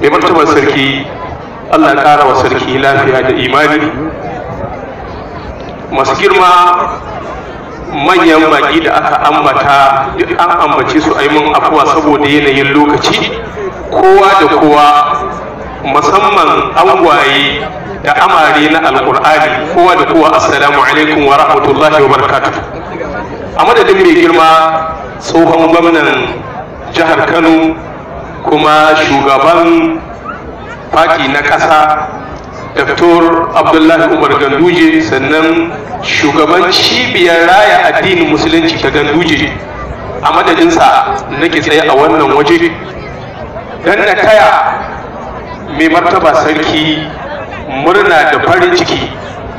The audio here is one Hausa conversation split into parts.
mai martabar sarki allah ƙara wa sarki lafiya da imani masu girma manyan baƙi da aka ambata an ambace su a mun afuwa saboda yanayin lokaci kowa da kowa musamman angwaye da amare na alkur'ani kowa da kowa assalamu alaikum wa rahmatullahi wa barakatuh a madadin mai girma tsohon gwamnan jihar kano kuma shugaban faki na ƙasa Dr. Abdullahi Umar Ganduje sannan shugaban cibiyar raya addinin musulunci ta Ganduje a madadinsa nake tsaye a wannan waje don na taya mai martaba sarki murna da farin ciki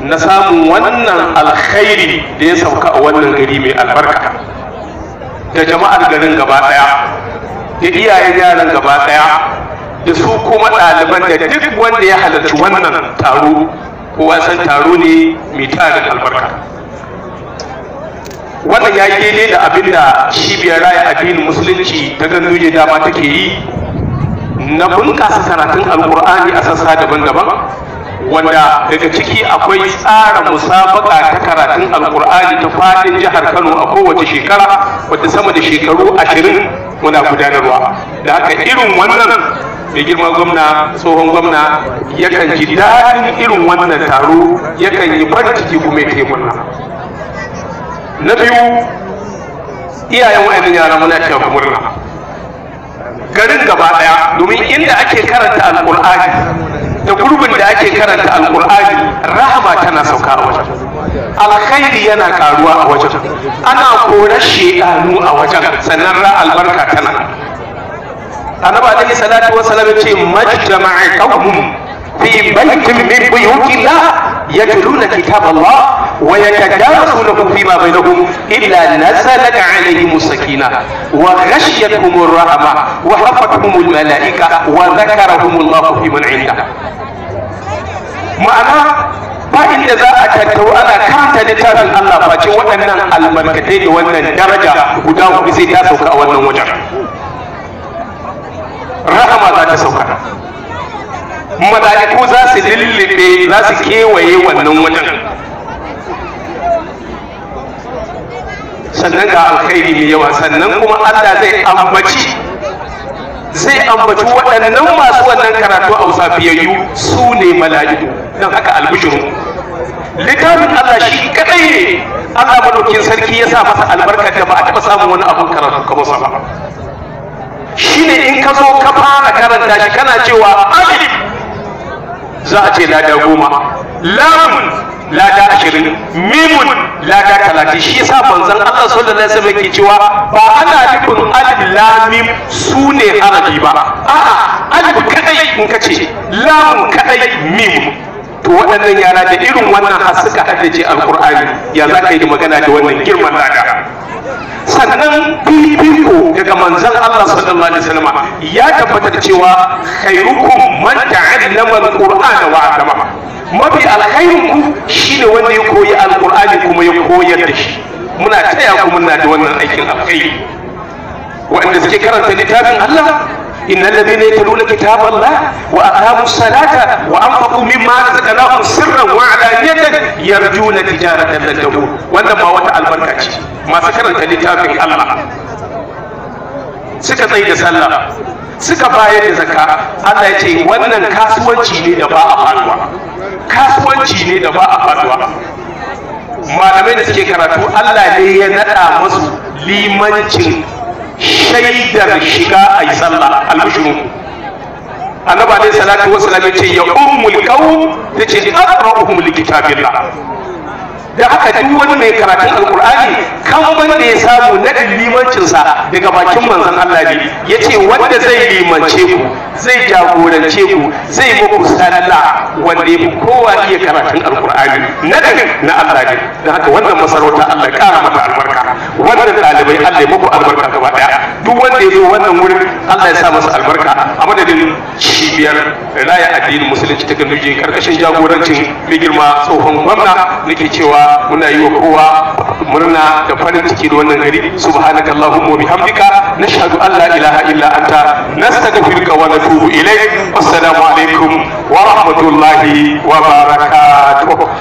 na samun wannan alkhairi da ya sauka a wannan gari mai albarka da jama'ar garin gaba ɗaya da iyayen yaran gaba daya da su kuma ɗaliban da duk wanda ya halarci wannan taro kowa san taro ne mai tarin albarka wannan ya daidai da abin da cibiyar raya addinin musulunci ta ne dama take yi na bunƙasa karatun alƙur'ani a sassa daban-daban wanda daga ciki akwai tsara musabaka ta karatun alƙur'ani ta faɗin jihar kano a kowace shekara wadda sama da shekaru ashirin muna gudanarwa da haka irin wannan mai girma gwamna tsohon gwamna yakan ji daɗin irin wannan taro yakan yi farin ciki kuma ya kai na biyu iyayen wa'annan yara muna cewa murna garin gaba daya domin inda ake karanta alkur'ani da gurbin da ake karanta alkur'ani rahama tana sauka a wajen alkhairi yana karuwa a wajen ana korar shedanu a wajen sannan ra albarka tana annabi alaihi salatu wasallam ya ce majtama'a qaumun fi baitin min buyutillah يتلون كتاب الله ويتدارسونكم فيما بينكم إلا نزلت عليهم السكينة وغشيتهم الرحمة وحفتهم الملائكة وذكرهم الله فيمن عنده معنى فإن إذا أتت وأنا كانت لتابع الله فأتي وأن المركتين وأن الدرجة وداو بزي تاسوك أو أن وجه رحمة ذات سوكا ملائكو ذات za su kewaye wannan wajen sannan ga alkhairi mai yawa sannan kuma allah zai ambaci zai ambaci waɗannan masu wannan karatu a usafiyayyu su ne mala'iku don haka albishiru littafin allah shi kadai ne allah madaukin sarki ya sa masa albarkar da ba a taɓa samun wani abun karatu kamar sa ba ne in ka zo ka fara karanta shi kana cewa amin za a ce lada goma lamun lada ashirin mimun lada talatin shi yasa manzon Allah sallallahu alaihi wasallam yake cewa ba ana nufin alif lamim su ne harafi ba a'a alif kadai in ka ce lamun kadai mim to waɗannan yara da irin wannan har suka haddace alqur'ani ya za ka yi magana da wannan girman lada sannan bibiyo daga manzon Allah sallallahu alaihi wasallam ya tabbatar cewa khairukum man ta'allama al-qur'ana wa 'allama mafi alkhairin ku shine wanda ya koyi alqur'ani kuma ya koyar da shi muna taya ku muna da wannan aikin alkhairi wanda suke karanta littafin Allah innal ladina yatluna kitaballah wa aqamus salata wa anfaqu mimma razaqnahum sirran yarjuna tijaratan da tabu wannan ma wata albarka ce masu karanta littafin Allah suka tsaye da sallah suka bayar da zakka Allah ya ce wannan kasuwanci ne da ba a faduwa kasuwanci ne da ba a faduwa malamai da suke karatu Allah ne ya nada musu limancin shaidar shiga ayi yi sallah albishirun annabi alayhi salatu salam yace ya ummul qaum yace aqra'uhum kitabillah da haka duk wani mai karatun alkur'ani kan da ya samu na limancinsa daga bakin manzon Allah ne yace wanda zai limance ku zai jagorance ku zai muku salla wanda ya kowa iya karatun alkur'ani na na Allah ne da haka wannan masarauta Allah ya kara mata albarka wannan dalibai Allah ya muku albarka gaba ɗaya duk wanda ya zo wannan wurin Allah ya sa masa albarka a madadin cibiyar raya addinin musulunci ta Kano karkashin jagorancin mai girma tsohon gwamna nake cewa muna yi wa kowa murna da farin ciki da wannan gari subhanakallahumma bihamdika nashhadu an la ilaha illa anta nastaghfiruka wa natubu ilayk assalamu alaikum wa rahmatullahi wa barakatuh